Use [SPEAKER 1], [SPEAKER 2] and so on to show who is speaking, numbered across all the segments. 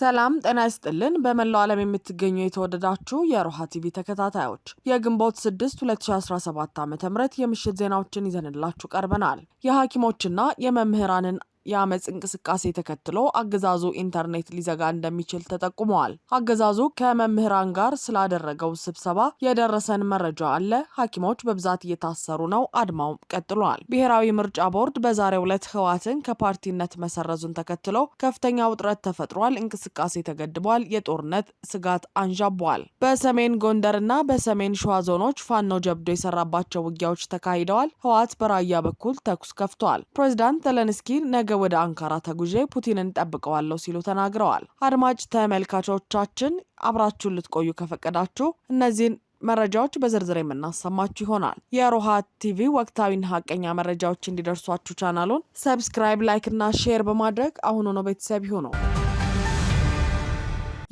[SPEAKER 1] ሰላም ጤና ይስጥልን። በመላው ዓለም የምትገኙ የተወደዳችሁ የሮሃ ቲቪ ተከታታዮች የግንቦት 6 2017 ዓ ም የምሽት ዜናዎችን ይዘንላችሁ ቀርበናል። የሐኪሞችና የመምህራንን የአመፅ እንቅስቃሴ ተከትሎ አገዛዙ ኢንተርኔት ሊዘጋ እንደሚችል ተጠቁመዋል። አገዛዙ ከመምህራን ጋር ስላደረገው ስብሰባ የደረሰን መረጃ አለ። ሐኪሞች በብዛት እየታሰሩ ነው። አድማው ቀጥሏል። ብሔራዊ ምርጫ ቦርድ በዛሬው ዕለት ህወሓትን ከፓርቲነት መሰረዙን ተከትሎ ከፍተኛ ውጥረት ተፈጥሯል። እንቅስቃሴ ተገድቧል። የጦርነት ስጋት አንዣቧል። በሰሜን ጎንደርና በሰሜን ሸዋ ዞኖች ፋኖ ጀብዶ የሰራባቸው ውጊያዎች ተካሂደዋል። ህወሓት በራያ በኩል ተኩስ ከፍቷል። ፕሬዚዳንት ዘለንስኪ ነገ ነገ ወደ አንካራ ተጉዤ ፑቲንን ጠብቀዋለሁ ሲሉ ተናግረዋል። አድማጭ ተመልካቾቻችን አብራችሁን ልትቆዩ ከፈቀዳችሁ እነዚህን መረጃዎች በዝርዝር የምናሰማችሁ ይሆናል። የሮሃ ቲቪ ወቅታዊና ሀቀኛ መረጃዎች እንዲደርሷችሁ ቻናሉን ሰብስክራይብ፣ ላይክ እና ሼር በማድረግ አሁኑ ነው ቤተሰብ ይሁነው።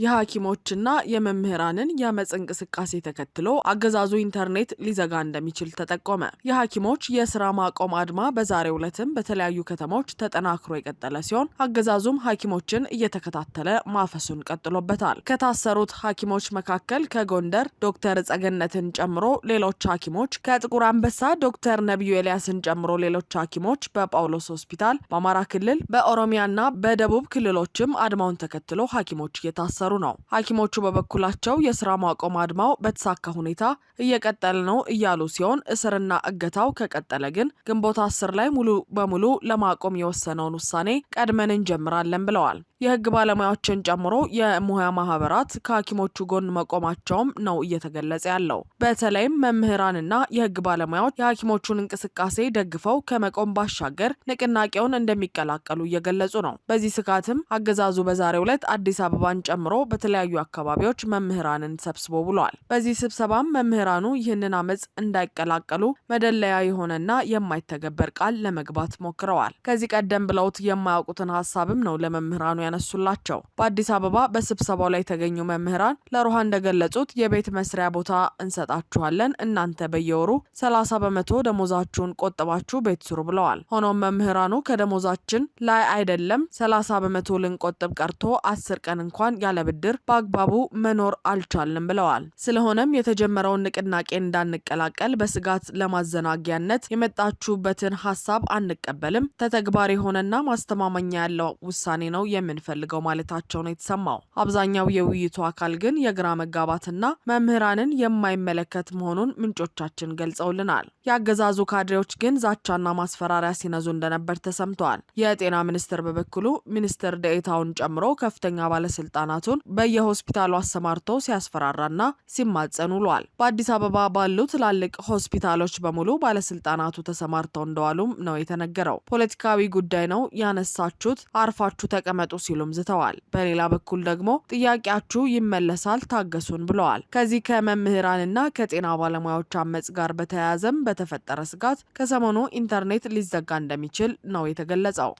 [SPEAKER 1] የሐኪሞችና የመምህራንን የአመፅ እንቅስቃሴ ተከትሎ አገዛዙ ኢንተርኔት ሊዘጋ እንደሚችል ተጠቆመ። የሐኪሞች የስራ ማቆም አድማ በዛሬው ዕለትም በተለያዩ ከተሞች ተጠናክሮ የቀጠለ ሲሆን አገዛዙም ሐኪሞችን እየተከታተለ ማፈሱን ቀጥሎበታል። ከታሰሩት ሐኪሞች መካከል ከጎንደር ዶክተር ጸገነትን ጨምሮ ሌሎች ሐኪሞች ከጥቁር አንበሳ ዶክተር ነቢዩ ኤልያስን ጨምሮ ሌሎች ሐኪሞች በጳውሎስ ሆስፒታል፣ በአማራ ክልል፣ በኦሮሚያና በደቡብ ክልሎችም አድማውን ተከትሎ ሐኪሞች እየታሰሩ እየተሰሩ ነው። ሐኪሞቹ በበኩላቸው የስራ ማቆም አድማው በተሳካ ሁኔታ እየቀጠለ ነው እያሉ ሲሆን እስርና እገታው ከቀጠለ ግን ግንቦት አስር ላይ ሙሉ በሙሉ ለማቆም የወሰነውን ውሳኔ ቀድመን እንጀምራለን ብለዋል። የህግ ባለሙያዎችን ጨምሮ የሙያ ማህበራት ከሐኪሞቹ ጎን መቆማቸውም ነው እየተገለጸ ያለው። በተለይም መምህራንና የህግ ባለሙያዎች የሐኪሞቹን እንቅስቃሴ ደግፈው ከመቆም ባሻገር ንቅናቄውን እንደሚቀላቀሉ እየገለጹ ነው። በዚህ ስጋትም አገዛዙ በዛሬው ዕለት አዲስ አበባን ጨምሮ በተለያዩ አካባቢዎች መምህራንን ሰብስቦ ብሏል። በዚህ ስብሰባም መምህራኑ ይህንን አመፅ እንዳይቀላቀሉ መደለያ የሆነና የማይተገበር ቃል ለመግባት ሞክረዋል። ከዚህ ቀደም ብለውት የማያውቁትን ሀሳብም ነው ለመምህራኑ ያነሱላቸው። በአዲስ አበባ በስብሰባው ላይ የተገኙ መምህራን ለሮሃ እንደገለጹት የቤት መስሪያ ቦታ እንሰጣችኋለን፣ እናንተ በየወሩ ሰላሳ በመቶ ደሞዛችሁን ቆጥባችሁ ቤት ስሩ ብለዋል። ሆኖም መምህራኑ ከደሞዛችን ላይ አይደለም 30 በመቶ ልንቆጥብ ቀርቶ አስር ቀን እንኳን ያለ ብድር በአግባቡ መኖር አልቻልም ብለዋል። ስለሆነም የተጀመረውን ንቅናቄ እንዳንቀላቀል በስጋት ለማዘናጊያነት የመጣችሁበትን ሀሳብ አንቀበልም፣ ተተግባር የሆነና ማስተማመኛ ያለው ውሳኔ ነው የምንፈልገው ማለታቸው ነው የተሰማው። አብዛኛው የውይይቱ አካል ግን የግራ መጋባትና መምህራንን የማይመለከት መሆኑን ምንጮቻችን ገልጸውልናል። የአገዛዙ ካድሬዎች ግን ዛቻና ማስፈራሪያ ሲነዙ እንደነበር ተሰምተዋል። የጤና ሚኒስቴር በበኩሉ ሚኒስትር ደኤታውን ጨምሮ ከፍተኛ ባለስልጣናቱን ኃይሎቹን በየሆስፒታሉ አሰማርቶ ሲያስፈራራና ሲማጸን ውሏል። በአዲስ አበባ ባሉ ትላልቅ ሆስፒታሎች በሙሉ ባለስልጣናቱ ተሰማርተው እንደዋሉም ነው የተነገረው። ፖለቲካዊ ጉዳይ ነው ያነሳችሁት፣ አርፋችሁ ተቀመጡ ሲሉም ዝተዋል። በሌላ በኩል ደግሞ ጥያቄያችሁ ይመለሳል፣ ታገሱን ብለዋል። ከዚህ ከመምህራንና ከጤና ባለሙያዎች አመፅ ጋር በተያያዘም በተፈጠረ ስጋት ከሰሞኑ ኢንተርኔት ሊዘጋ እንደሚችል ነው የተገለጸው።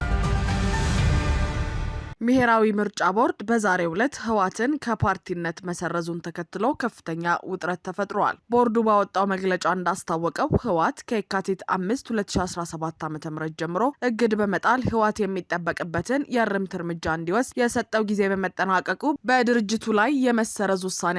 [SPEAKER 1] ብሔራዊ ምርጫ ቦርድ በዛሬው ዕለት ህዋትን ከፓርቲነት መሰረዙን ተከትሎ ከፍተኛ ውጥረት ተፈጥሯል። ቦርዱ ባወጣው መግለጫ እንዳስታወቀው ህዋት ከየካቲት አምስት 2017 ዓ ም ጀምሮ እግድ በመጣል ህዋት የሚጠበቅበትን የእርምት እርምጃ እንዲወስድ የሰጠው ጊዜ በመጠናቀቁ በድርጅቱ ላይ የመሰረዝ ውሳኔ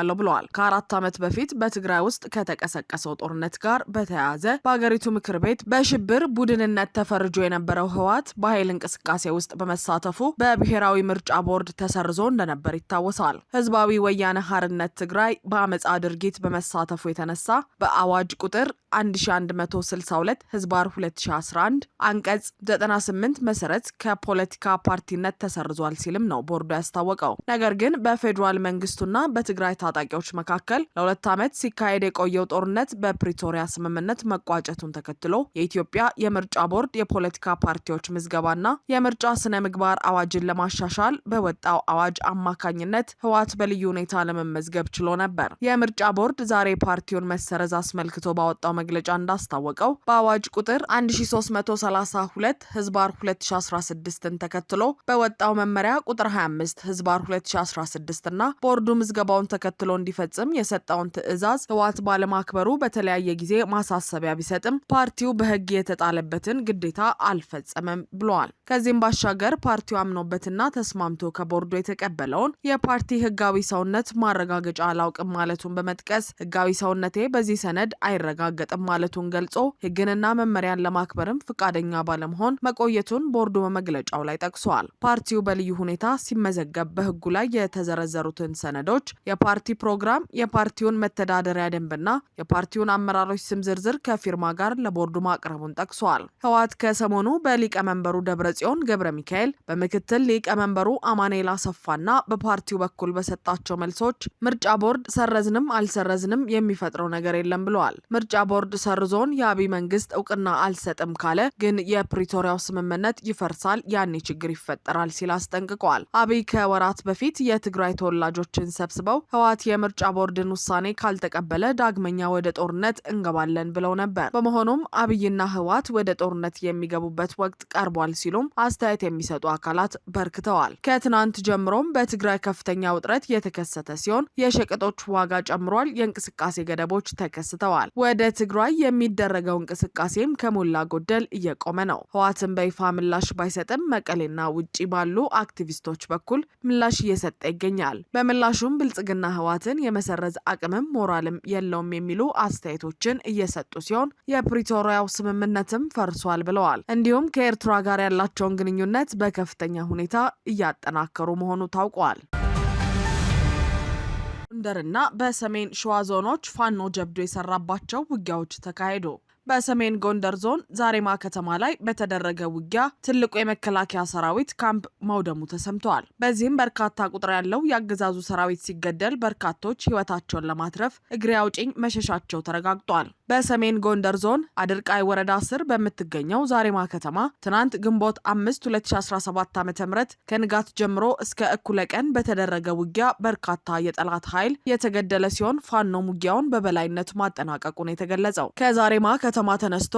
[SPEAKER 1] ያለው ብለዋል። ከአራት ዓመት በፊት በትግራይ ውስጥ ከተቀሰቀሰው ጦርነት ጋር በተያያዘ በአገሪቱ ምክር ቤት በሽብር ቡድንነት ተፈርጆ የነበረው ህዋት በኃይል እንቅስቃሴ ውስጥ በመሳተፉ በብሔራዊ ምርጫ ቦርድ ተሰርዞ እንደነበር ይታወሳል። ህዝባዊ ወያነ ሀርነት ትግራይ በአመፃ ድርጊት በመሳተፉ የተነሳ በአዋጅ ቁጥር 1162 ህዝባር 2011 አንቀጽ 98 መሰረት ከፖለቲካ ፓርቲነት ተሰርዟል ሲልም ነው ቦርዱ ያስታወቀው። ነገር ግን በፌዴራል መንግስቱና በትግራይ ታጣቂዎች መካከል ለሁለት ዓመት ሲካሄድ የቆየው ጦርነት በፕሪቶሪያ ስምምነት መቋጨቱን ተከትሎ የኢትዮጵያ የምርጫ ቦርድ የፖለቲካ ፓርቲዎች ምዝገባና የምርጫ ስነ ምግባር አዋ አዋጅን ለማሻሻል በወጣው አዋጅ አማካኝነት ህወሓት በልዩ ሁኔታ ለመመዝገብ ችሎ ነበር። የምርጫ ቦርድ ዛሬ ፓርቲውን መሰረዝ አስመልክቶ ባወጣው መግለጫ እንዳስታወቀው በአዋጅ ቁጥር 1332 ህዝባር 2016ን ተከትሎ በወጣው መመሪያ ቁጥር 25 ህዝባር 2016 እና ቦርዱ ምዝገባውን ተከትሎ እንዲፈጽም የሰጠውን ትዕዛዝ ህወሓት ባለማክበሩ በተለያየ ጊዜ ማሳሰቢያ ቢሰጥም ፓርቲው በህግ የተጣለበትን ግዴታ አልፈጸመም ብለዋል። ከዚህም ባሻገር ፓርቲው አምኖበትና ተስማምቶ ከቦርዱ የተቀበለውን የፓርቲ ህጋዊ ሰውነት ማረጋገጫ አላውቅም ማለቱን በመጥቀስ ህጋዊ ሰውነቴ በዚህ ሰነድ አይረጋገጥም ማለቱን ገልጾ ህግንና መመሪያን ለማክበርም ፈቃደኛ ባለመሆን መቆየቱን ቦርዱ በመግለጫው ላይ ጠቅሷል። ፓርቲው በልዩ ሁኔታ ሲመዘገብ በህጉ ላይ የተዘረዘሩትን ሰነዶች፣ የፓርቲ ፕሮግራም፣ የፓርቲውን መተዳደሪያ ደንብና የፓርቲውን አመራሮች ስም ዝርዝር ከፊርማ ጋር ለቦርዱ ማቅረቡን ጠቅሷል። ህወሓት ከሰሞኑ በሊቀመንበሩ ደብረ ጽዮን ገብረ ሚካኤል በምክት ምክትል ሊቀመንበሩ አማኑኤል አሰፋና በፓርቲው በኩል በሰጣቸው መልሶች ምርጫ ቦርድ ሰረዝንም አልሰረዝንም የሚፈጥረው ነገር የለም ብለዋል። ምርጫ ቦርድ ሰርዞን የአብይ መንግስት እውቅና አልሰጥም ካለ ግን የፕሪቶሪያው ስምምነት ይፈርሳል፣ ያኔ ችግር ይፈጠራል ሲል አስጠንቅቋል። አብይ ከወራት በፊት የትግራይ ተወላጆችን ሰብስበው ህወሓት የምርጫ ቦርድን ውሳኔ ካልተቀበለ ዳግመኛ ወደ ጦርነት እንገባለን ብለው ነበር። በመሆኑም አብይና ህወሓት ወደ ጦርነት የሚገቡበት ወቅት ቀርቧል ሲሉም አስተያየት የሚሰጡ አካላት በመግዛት በርክተዋል። ከትናንት ጀምሮም በትግራይ ከፍተኛ ውጥረት የተከሰተ ሲሆን የሸቀጦች ዋጋ ጨምሯል። የእንቅስቃሴ ገደቦች ተከስተዋል። ወደ ትግራይ የሚደረገው እንቅስቃሴም ከሞላ ጎደል እየቆመ ነው። ህዋትን በይፋ ምላሽ ባይሰጥም መቀሌና ውጪ ባሉ አክቲቪስቶች በኩል ምላሽ እየሰጠ ይገኛል። በምላሹም ብልጽግና ህዋትን የመሰረዝ አቅምም ሞራልም የለውም የሚሉ አስተያየቶችን እየሰጡ ሲሆን የፕሪቶሪያው ስምምነትም ፈርሷል ብለዋል። እንዲሁም ከኤርትራ ጋር ያላቸውን ግንኙነት በከፍተኛ ሁኔታ እያጠናከሩ መሆኑ ታውቋል። ጎንደርና በሰሜን ሸዋ ዞኖች ፋኖ ጀብዶ የሰራባቸው ውጊያዎች ተካሄዱ። በሰሜን ጎንደር ዞን ዛሬማ ከተማ ላይ በተደረገ ውጊያ ትልቁ የመከላከያ ሰራዊት ካምፕ መውደሙ ተሰምተዋል። በዚህም በርካታ ቁጥር ያለው የአገዛዙ ሰራዊት ሲገደል፣ በርካቶች ህይወታቸውን ለማትረፍ እግሬ አውጪኝ መሸሻቸው ተረጋግጧል። በሰሜን ጎንደር ዞን አድርቃይ ወረዳ ስር በምትገኘው ዛሬማ ከተማ ትናንት ግንቦት 5 2017 ዓ ም ከንጋት ጀምሮ እስከ እኩለ ቀን በተደረገ ውጊያ በርካታ የጠላት ኃይል የተገደለ ሲሆን ፋኖ ውጊያውን በበላይነት ማጠናቀቁን የተገለጸው ከዛሬማ ከተማ ተነስቶ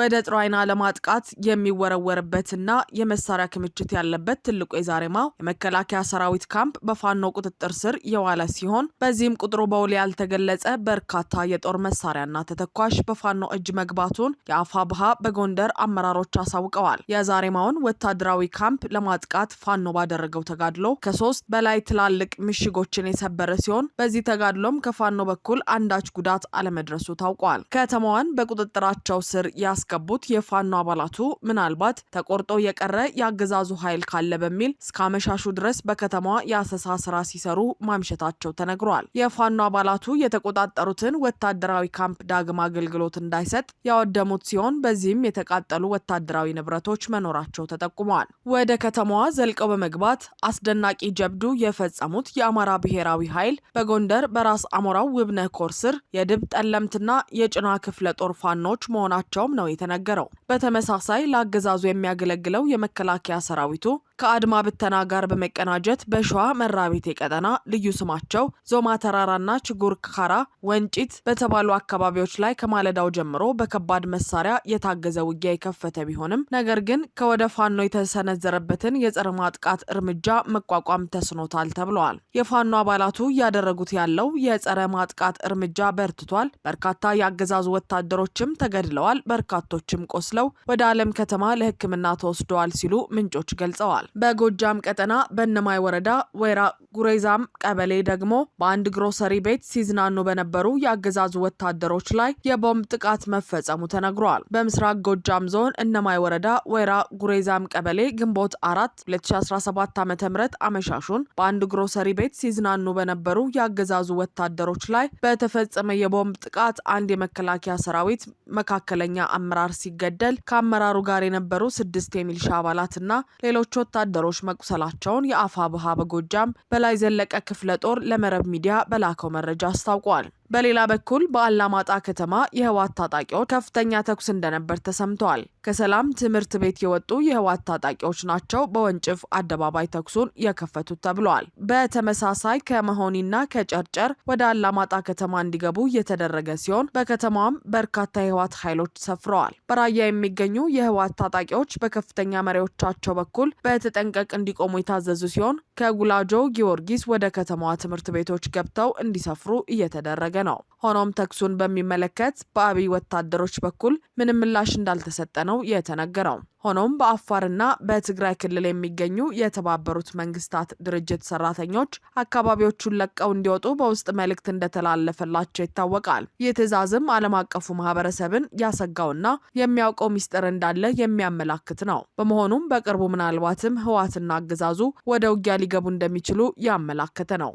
[SPEAKER 1] ወደ ጥሯይና ለማጥቃት የሚወረወርበትና የመሳሪያ ክምችት ያለበት ትልቁ የዛሬማ የመከላከያ ሰራዊት ካምፕ በፋኖ ቁጥጥር ስር የዋለ ሲሆን በዚህም ቁጥሩ በውል ያልተገለጸ በርካታ የጦር መሳሪያና ተተ ተተኳሽ በፋኖ እጅ መግባቱን የአፋብሃ በጎንደር አመራሮች አሳውቀዋል። የዛሬማውን ወታደራዊ ካምፕ ለማጥቃት ፋኖ ባደረገው ተጋድሎ ከሶስት በላይ ትላልቅ ምሽጎችን የሰበረ ሲሆን በዚህ ተጋድሎም ከፋኖ በኩል አንዳች ጉዳት አለመድረሱ ታውቋል። ከተማዋን በቁጥጥራቸው ስር ያስገቡት የፋኖ አባላቱ ምናልባት ተቆርጦ የቀረ የአገዛዙ ኃይል ካለ በሚል እስከ አመሻሹ ድረስ በከተማዋ የአሰሳ ስራ ሲሰሩ ማምሸታቸው ተነግሯል። የፋኖ አባላቱ የተቆጣጠሩትን ወታደራዊ ካምፕ ዳግም ዳግም አገልግሎት እንዳይሰጥ ያወደሙት ሲሆን በዚህም የተቃጠሉ ወታደራዊ ንብረቶች መኖራቸው ተጠቁመዋል። ወደ ከተማዋ ዘልቀው በመግባት አስደናቂ ጀብዱ የፈጸሙት የአማራ ብሔራዊ ኃይል በጎንደር በራስ አሞራው ውብነህ ኮር ስር የድብ ጠለምትና የጭና ክፍለ ጦር ፋኖች መሆናቸውም ነው የተነገረው። በተመሳሳይ ለአገዛዙ የሚያገለግለው የመከላከያ ሰራዊቱ ከአድማ ብተና ጋር በመቀናጀት በሸዋ መራቤቴ ቀጠና ልዩ ስማቸው ዞማ ተራራና ችጉር ካራ ወንጪት በተባሉ አካባቢዎች ላይ ከማለዳው ጀምሮ በከባድ መሳሪያ የታገዘ ውጊያ የከፈተ ቢሆንም ነገር ግን ከወደ ፋኖ የተሰነዘረበትን የጸረ ማጥቃት እርምጃ መቋቋም ተስኖታል ተብለዋል። የፋኖ አባላቱ እያደረጉት ያለው የጸረ ማጥቃት እርምጃ በርትቷል። በርካታ የአገዛዙ ወታደሮችም ተገድለዋል፣ በርካቶችም ቆስለው ወደ አለም ከተማ ለሕክምና ተወስደዋል ሲሉ ምንጮች ገልጸዋል። በጎጃም ቀጠና በእነማይ ወረዳ ወይራ ጉሬዛም ቀበሌ ደግሞ በአንድ ግሮሰሪ ቤት ሲዝናኑ በነበሩ የአገዛዙ ወታደሮች ላይ ላይ የቦምብ ጥቃት መፈጸሙ ተነግሯል። በምስራቅ ጎጃም ዞን እነማይ ወረዳ ወይራ ጉሬዛም ቀበሌ ግንቦት አራት 2017 ዓ ም አመሻሹን በአንድ ግሮሰሪ ቤት ሲዝናኑ በነበሩ የአገዛዙ ወታደሮች ላይ በተፈጸመ የቦምብ ጥቃት አንድ የመከላከያ ሰራዊት መካከለኛ አመራር ሲገደል ከአመራሩ ጋር የነበሩ ስድስት የሚልሻ አባላትና ሌሎች ወታደሮች መቁሰላቸውን የአፋ ብሃ በጎጃም በላይ ዘለቀ ክፍለ ጦር ለመረብ ሚዲያ በላከው መረጃ አስታውቋል። በሌላ በኩል በአላማጣ ከተማ የህወሓት ታጣቂዎች ከፍተኛ ተኩስ እንደነበር ተሰምተዋል። ከሰላም ትምህርት ቤት የወጡ የህወሓት ታጣቂዎች ናቸው በወንጭፍ አደባባይ ተኩሱን የከፈቱት ተብለዋል። በተመሳሳይ ከመሆኒና ከጨርጨር ወደ አላማጣ ከተማ እንዲገቡ እየተደረገ ሲሆን በከተማዋም በርካታ የህወሓት ኃይሎች ሰፍረዋል። በራያ የሚገኙ የህወሓት ታጣቂዎች በከፍተኛ መሪዎቻቸው በኩል በተጠንቀቅ እንዲቆሙ የታዘዙ ሲሆን ከጉላጆ ጊዮርጊስ ወደ ከተማዋ ትምህርት ቤቶች ገብተው እንዲሰፍሩ እየተደረገ እየተደረገ ነው። ሆኖም ተኩሱን በሚመለከት በአብይ ወታደሮች በኩል ምንም ምላሽ እንዳልተሰጠ ነው የተነገረው። ሆኖም በአፋርና በትግራይ ክልል የሚገኙ የተባበሩት መንግስታት ድርጅት ሰራተኞች አካባቢዎቹን ለቀው እንዲወጡ በውስጥ መልእክት እንደተላለፈላቸው ይታወቃል። ይህ ትዕዛዝም ዓለም አቀፉ ማህበረሰብን ያሰጋውና የሚያውቀው ሚስጥር እንዳለ የሚያመላክት ነው። በመሆኑም በቅርቡ ምናልባትም ህወሓትና አገዛዙ ወደ ውጊያ ሊገቡ እንደሚችሉ ያመላከተ ነው።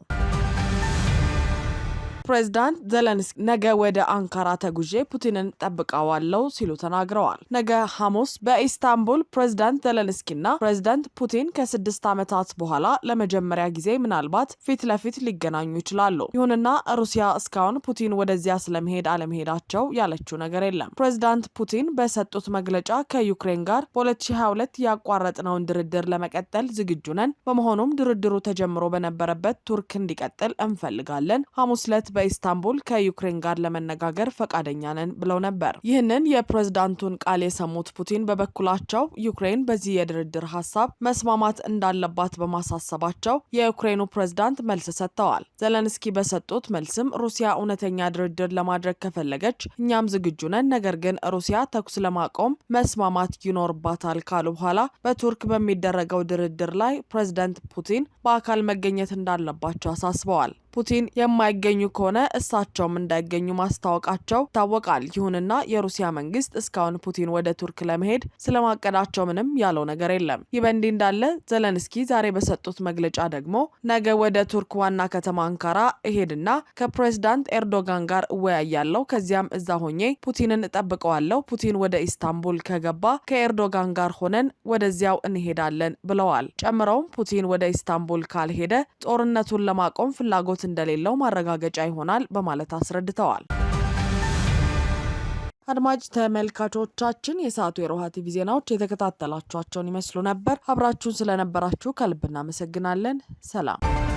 [SPEAKER 1] ፕሬዚዳንት ዘለንስኪ ነገ ወደ አንካራ ተጉዤ ፑቲንን ጠብቀዋለው ሲሉ ተናግረዋል። ነገ ሐሙስ በኢስታንቡል ፕሬዚዳንት ዘለንስኪና ፕሬዚዳንት ፑቲን ከስድስት ዓመታት በኋላ ለመጀመሪያ ጊዜ ምናልባት ፊት ለፊት ሊገናኙ ይችላሉ። ይሁንና ሩሲያ እስካሁን ፑቲን ወደዚያ ስለመሄድ አለመሄዳቸው ያለችው ነገር የለም። ፕሬዚዳንት ፑቲን በሰጡት መግለጫ ከዩክሬን ጋር በ2022 ያቋረጥነውን ድርድር ለመቀጠል ዝግጁ ነን፣ በመሆኑም ድርድሩ ተጀምሮ በነበረበት ቱርክ እንዲቀጥል እንፈልጋለን። ሐሙስ ዕለት በ በኢስታንቡል ከዩክሬን ጋር ለመነጋገር ፈቃደኛ ነን ብለው ነበር። ይህንን የፕሬዝዳንቱን ቃል የሰሙት ፑቲን በበኩላቸው ዩክሬን በዚህ የድርድር ሀሳብ መስማማት እንዳለባት በማሳሰባቸው የዩክሬኑ ፕሬዝዳንት መልስ ሰጥተዋል። ዘለንስኪ በሰጡት መልስም ሩሲያ እውነተኛ ድርድር ለማድረግ ከፈለገች እኛም ዝግጁ ነን፣ ነገር ግን ሩሲያ ተኩስ ለማቆም መስማማት ይኖርባታል ካሉ በኋላ በቱርክ በሚደረገው ድርድር ላይ ፕሬዝዳንት ፑቲን በአካል መገኘት እንዳለባቸው አሳስበዋል። ፑቲን የማይገኙ ከሆነ እሳቸውም እንዳይገኙ ማስታወቃቸው ይታወቃል። ይሁንና የሩሲያ መንግስት እስካሁን ፑቲን ወደ ቱርክ ለመሄድ ስለማቀዳቸው ምንም ያለው ነገር የለም። ይህ በእንዲህ እንዳለ ዘለንስኪ ዛሬ በሰጡት መግለጫ ደግሞ ነገ ወደ ቱርክ ዋና ከተማ አንካራ እሄድና ከፕሬዝዳንት ኤርዶጋን ጋር እወያያለሁ። ከዚያም እዛ ሆኜ ፑቲንን እጠብቀዋለሁ። ፑቲን ወደ ኢስታንቡል ከገባ ከኤርዶጋን ጋር ሆነን ወደዚያው እንሄዳለን ብለዋል። ጨምረውም ፑቲን ወደ ኢስታንቡል ካልሄደ ጦርነቱን ለማቆም ፍላጎት ፍላጎት እንደሌለው ማረጋገጫ ይሆናል በማለት አስረድተዋል። አድማጭ ተመልካቾቻችን የሰዓቱ የሮሃ ቲቪ ዜናዎች የተከታተላችኋቸውን ይመስሉ ነበር። አብራችሁን ስለነበራችሁ ከልብ እናመሰግናለን። ሰላም